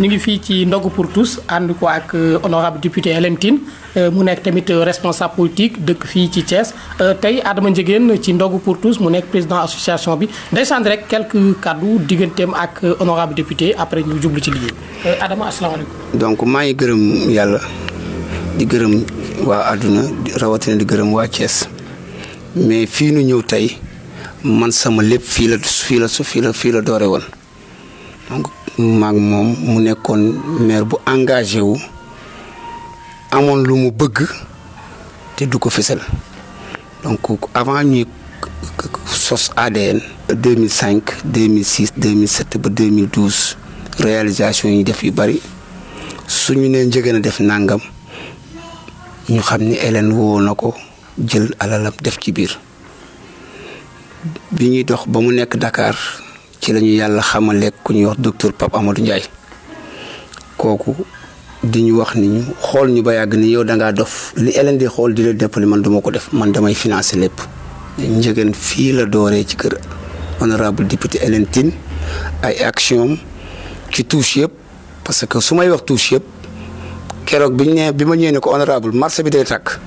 ñu ngi fii ci ndogu pour tous ànd ko ak euh, honorable député Hélène Tine euh, mu nekk tamit euh, responsable politique dëkk fii ci Thiès tey Adama Ndiégène ci ndogu pour tous mu nekk président association bi descend rek quelques kaddu digganteem ak honorable député après ñu jublu ci liggéey Adama asalaamaaleykum. donc maa ngi gërëm yàlla di gërëm waa àdduna rawatina di gërëm waa Thiès mais fii nu ñëw tey man sama lépp fii la fii la fii la fii la doore woon. donc maag moom mu nekkoon maire bu engagé wu amoon lu mu bëgg te du ko fësal donc avant ñuy sos ADN 2005 2006 2007 ba 2012 réalisation yi def yu bari suñu nee njëgën a def nàngam ñu xam ni Hélène woo na ko jël alalam def ci biir bi ñuy dox ba mu nekk Dakar ci lañu yàlla xamale ku ñuy wax docteur Pape amadu Ndiaye kooku di ñu wax ni ñu xool ñu ba yàgg nii yow da ngaa dof li elen xool di la jàppale man duma ko def man damay financé lépp. njëgeen fii la dooree ci kër honorable député Hélène ay action ci touche yëpp parce que su may wax touche yëpp keroog bi ñu bi ma ñëwee ko honorable marché bi day takk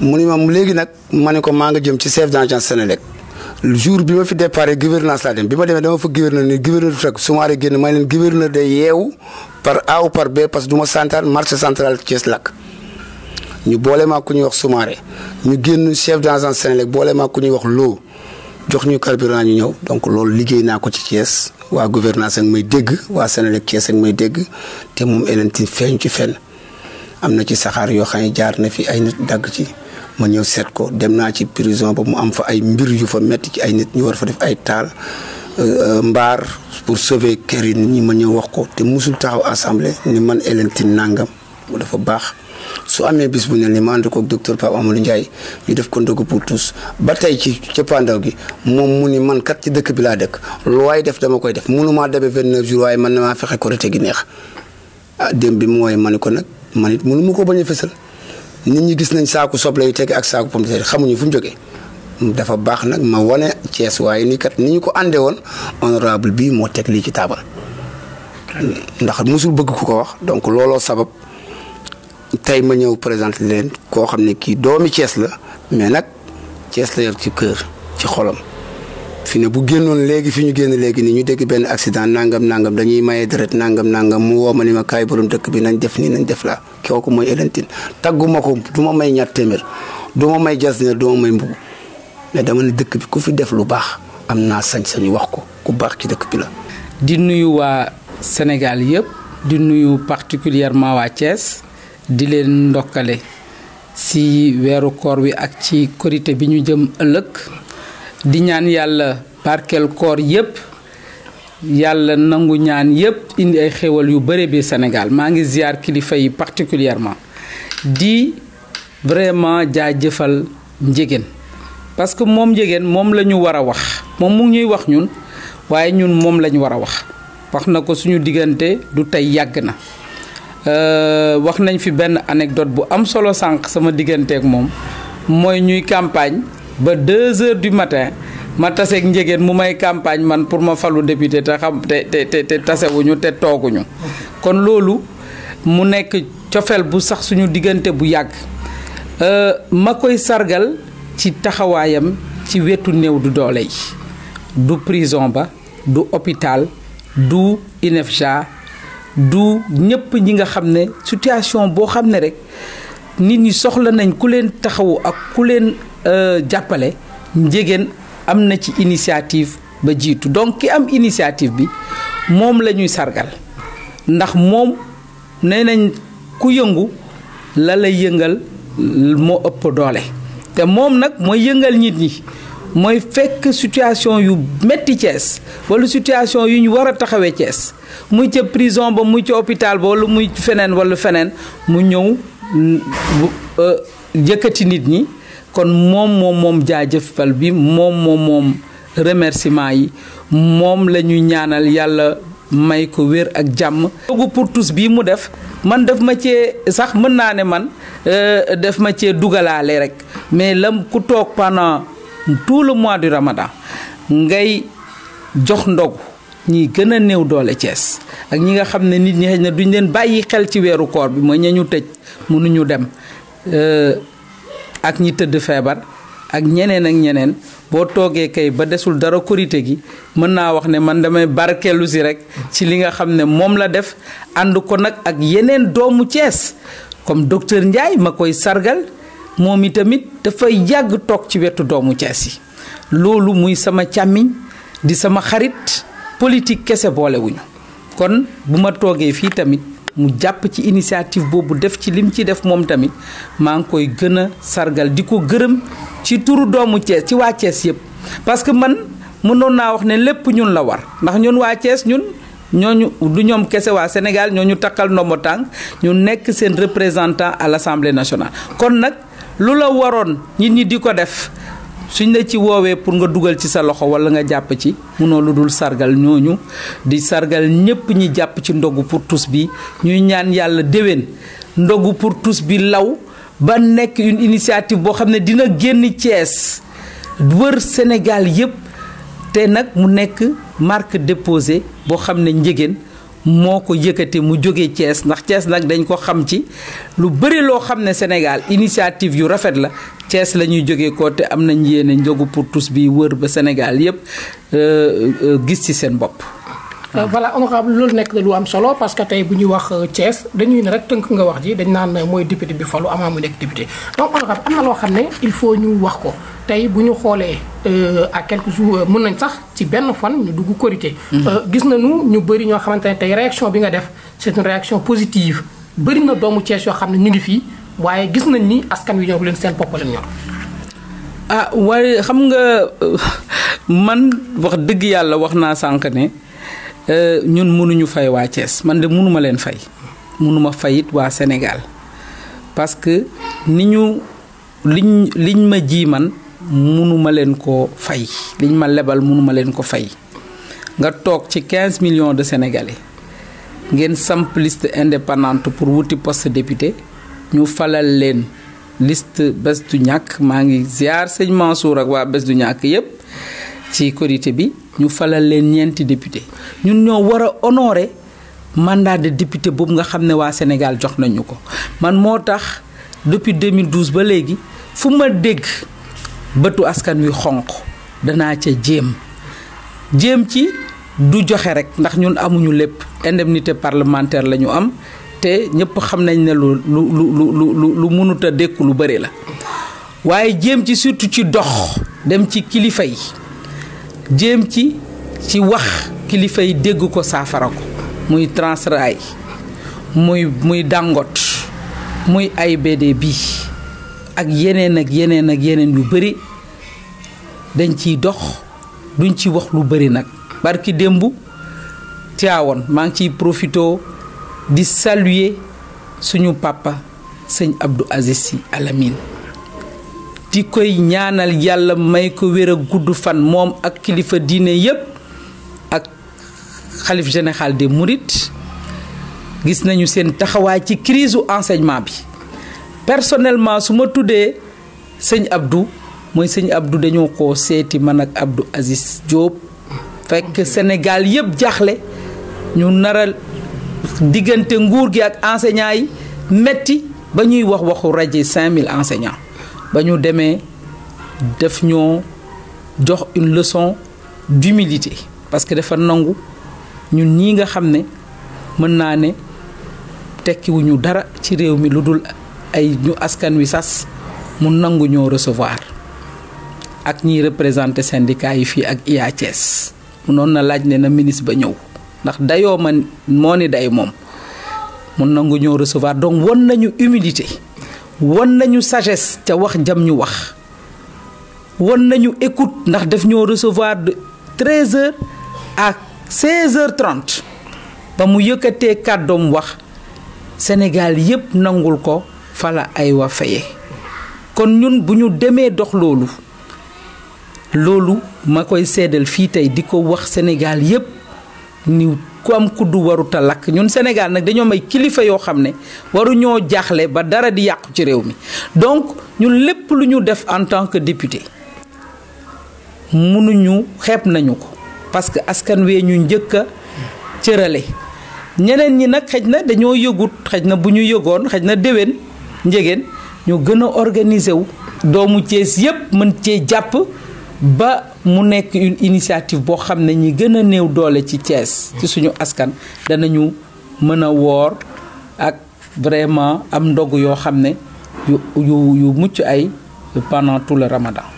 mu ni ma léegi nag ma ne ko maa nga jëm ci chef d'agence Sénélec jour bi ma fi départ gouvernance laa dem bi ma demee dama fa gouverneur ni gouverneur du fekk su ma waree génn may leen gouverneur day yeewu par A par B parce que du ma santaan marché central Thiès lakk ñu boole maa ku ñuy wax Soumaré ñu génn chef d'agence Senelec boole maa ku ñuy wax loo jox ñu carburant ñu ñëw donc loolu liggéey naa ko ci Thiès waa gouvernance ak may dégg waa Senelec Thiès ak may dégg te moom Hélène Tine ci fenn am na ci saxaar yoo xam ne jaar na fi ay nit dagg ci. ma ñëw seet ko dem naa ci prison ba mu am fa ay mbir yu fa metti ci ay nit ñu war fa def ay taal euh, mbaar pour sauver kër yi nit ñi ma ñëw wax ko te musul taxaw assemblée ni man Hélène Tine nangam dafa baax su amee bis bu ne ni ma ànd docteur Pape Amadou Ndiaye ñu def ko pour tous ba tey ci cëppaandaw gi moom mu ni man kat ci dëkk bi laa dëkk lu waay def dama koy def mënumaa dabe 29 jours waaye man na maa fexe korite gi neex ah démb bi mu wooye ma ni ko nag man it mënu ko bañ a fësal nit ñi gis nañ saaku soble yu tekki ak saaku pomme de xamuñu fu mu jógee dafa baax nag ma wane Thiès waaye ni kat ni ñu ko àndee woon honorable bii moo teg lii ci taabal ndax mosul bëgg ku ko wax donc looloo sabab tey ma ñëw présenter leen koo xam ne kii doomi cees la mais nag cees la yor ci kër ci xolam. fi ne bu génnoon léegi fi ñu génn léegi nii ñu dégg benn accident nangam nangam dañuy maye deret nangam nangam mu woo ma ni ma kaay borom dëkk bi nañ def nii nañ def laa kooku mooy Hélène Tine tagguma ko duma may ñaar téeméer du ma may jas ne du ma may mbubb mais dama ne dëkk bi ku fi def lu baax am naa sañ-sañu wax ko ku baax ci dëkk bi la. di nuyu waa Sénégal yëpp di nuyu particulièrement waa cees di leen ndokkale si weeru koor wi ak ci korité bi ñu jëm ëllëg. di ñaan yàlla barkeel koor yépp yàlla nangu ñaan yépp indi ay xéwal yu bare bi Sénégal maa ngi ziar kilifa yi particulièrement di vraiment jëfal njégéen parce que moom njégéen moom la ñu war a wax moom mu ñuy wax ñun waaye ñun moom lañu war a wax wax na ko suñu diggante du tey yàgg na euh, wax nañ fi benn anecdote bu am solo sànq sama digganteek moom mooy ñuy campagne ba deux heures du matin ma taseeg njegéen mu may campagne man pour ma falu député te xam te te te tasewuñu te tooguñu kon loolu mu nekk cofeel bu sax suñu diggante bu yàgg euh, ma koy sargal ci taxawaayam ci wetu néew du doole yi du prison ba du hôpital du INEFJA du ñëpp ñi nga xam ne situation boo xam ne rek nit ñi soxla nañ ku leen taxawu ak ku leen Euh, jàppale njegéen am na ci initiative ba jiitu donc ki am initiative bi moom la ñuy sargal ndax moom nee nañ ku yëngu la yëngal moo ëpp doole te moom nag mooy yëngal nit ñi mooy fekk situation yu metti Thiès wala situation yu ñu war a taxawee Thiès muy ca prison ba muy ca hôpital ba wala muy feneen wala feneen mu ñëw euh, yëkkati nit ñi kon moom moom moom jaajëfal bi moom moom moom yi moom la ñuy ñaanal yàlla may ko wér ak jàmm. dogu pour tous bii mu def man daf ma cee sax mën naa ne man euh, daf ma cee dugalaale rek mais lam ku toog pendant tout le mois du Ramadan ngay jox ndogu ñi gën a néew doole Cees ak ñi nga xam ne nit ñi xëy na duñ leen bàyyi xel ci weeru koor bi mooy ña ñu tëj mënuñu dem. Euh, ak ñi tëdd feebar ak ñeneen ak ñeneen boo toogee kay ba desul dara korite gi mën naa wax ne man damay barkeelu si rek ci li nga xam ne moom la def ànd ko nag ak yeneen doomu Cees comme docteur Ndiaye ma koy sargal moom itamit dafay yàgg toog ci wetu doomu Cees yi loolu muy sama càmmiñ di sama xarit politique kese boolewuñu kon bu ma toogee fii tamit mu jàpp ci initiative boobu def ci lim ci def moom tamit maa ngi koy gën a sargal di ko gërëm ci turu doomu Thiès ci waa Thiès yëpp. parce que man mënoon naa wax ne lépp ñun la war ndax ñun waa Thiès ñun ñooñu du ñoom kese waa Sénégal ñoo ñu takkal ndombo tànk ñu nekk seen représentant à l' assemblée nationale kon nag lu la waroon nit ñi di ko def. suñ la ci woowee pour nga dugal ci sa loxo wala nga jàpp ci mënoo lu dul sargal ñooñu di sargal ñépp ñi jàpp ci ndogu pour tous bi ñuy ñaan yàlla déwén ndogu pour tous bi law ba nekk une initiative boo xam ne dina génn cees wër Sénégal yépp te nag mu nekk marque déposée boo xam ne njëgeen moo ko yëkkate mu jóge cees ndax cees nag dañ ko xam ci lu bëri loo xam ne Sénégal initiative yu rafet la Thiès la ñuy jógee ko te am nañ yéene njogu pour tous bi wër ba Sénégal yépp euh, euh, gis ci seen bopp. Euh, voilà honorable loolu nekk na lu am solo parce que tey bu ñuy wax Thiès dañuy ne rek tënk nga wax ji dañ naan mooy député bi falu amaa mu nekk député donc honorable loo xam ne il faut ñu wax ko tey bu ñu xoolee à quelques jour mun nañ sax ci benn fan ñu dugg korité mmh. gis nañu ñu bëri ñoo xamante ne tey réaction bi nga def c'est une réaction positive bëri na doomu Thiès yoo xam ne ñu ngi fii waaye gis nañ ni askan wi ñor leen seen bopp leen ñor. ah waaye xam nga euh, man wax dëgg yàlla wax naa sànq ne euh, ñun mënuñu fay waa Thiès man de mënuma leen fay mënuma fayit waa Sénégal parce que ni ñu liñ liñ ma ji man mënuma leen ko fay liñ ma lebal mënuma leen ko fay nga toog ci 15 millions de Sénégalais ngeen samp liste indépendante pour wuti poste député ñu falal leen list bés du ñàkk maa ngi ziar sëñ Mansour ak waa bés du ñàkk yépp ci korité bi ñu falal leen ñeenti député ñun ñoo war a honorer mandat de député boobu nga xam ne waa Sénégal jox nañu ko man moo tax depuis 2012 ba léegi fu ma dégg bëtu askan wi xonq danaa ca jéem jéem ci du joxe rekk ndax ñun amuñu lépp indemnité parlementaire la ñu am te ñëpp xam nañ ne lu lu lu lu lu mënut a dékk lu bari la waaye jéem ci surtout ci dox dem ci kilifa yi jéem ci ci wax kilifa yi dégg ko saafara ko muy Transrail muy muy Dangote muy AIBD bi ak yeneen ak yeneen ak yeneen yu bari dañ ciy dox duñ ci wax lu bari nag barki démb Tiwaawan maa ngi ciy profito di saluer suñu papa sëñ abdu Aziz Sy Al di koy ñaanal yàlla may ko wér gudd fan moom ak kilifa diine yépp ak xalif général des murit gis nañu seen taxawaay ci crise u enseignement bi personnellement su ma tuddee sëñ abdu mooy sëñ abdu dañoo ko seeti man ak Abdou Aziz Diop fekk Sénégal yépp jaaxle ñu naral diggante nguur gi ak enseignants yi metti ba ñuy wax waxu rajo 5000 enseignants ba ñu demee def ñoo jox une leçon d'humilité parce que dafa nangu ñun ñii nga xam ne mën naa ne tekkiwuñu dara ci réew mi lu dul ay ñu askan wi sas mu nangu ñoo recevoir ak ñiy représenté syndicat yi fii ak IA Thiès mu na laaj ne na ministre ba ñëw ndax dayoo ma moo ni day moom mun nangu ñoo recevoir donc won nañu humilité won nañu sages ca wax jam ñu wax won nañu écoute ndax def ñoo recevoir de 13 ak à 16 heures ba mu yëkkatee kàddoom wax Sénégal yépp nangul ko fala ay wa faye kon ñun bu ñu demee dox loolu loolu ma koy seddal fii tey di ko wax Sénégal yépp ni ku am kuddu waruta a lakk ñun Sénégal nag dañoo may kilifa yoo xam ne waruñoo jaaxle ba dara di yàqu ci réew mi donc ñun lépp lu ñu def en tant que député mënuñu xeeb nañu ko parce que askan wee ñu njëkk a cërale ñeneen ñi nag xëj na dañoo yëgut xëj na bu ñu yëgoon xëj na déwén njegéen ñu gën a organiser wu doomu Cees yépp mën cee jàpp ba mu nekk une initiative boo xam ne ñi gën a néew doole ci cees ci suñu askan danañu mën a woor ak vraiment am ndog yoo xam ne yu yu yu mucc ay pendant tout ramadan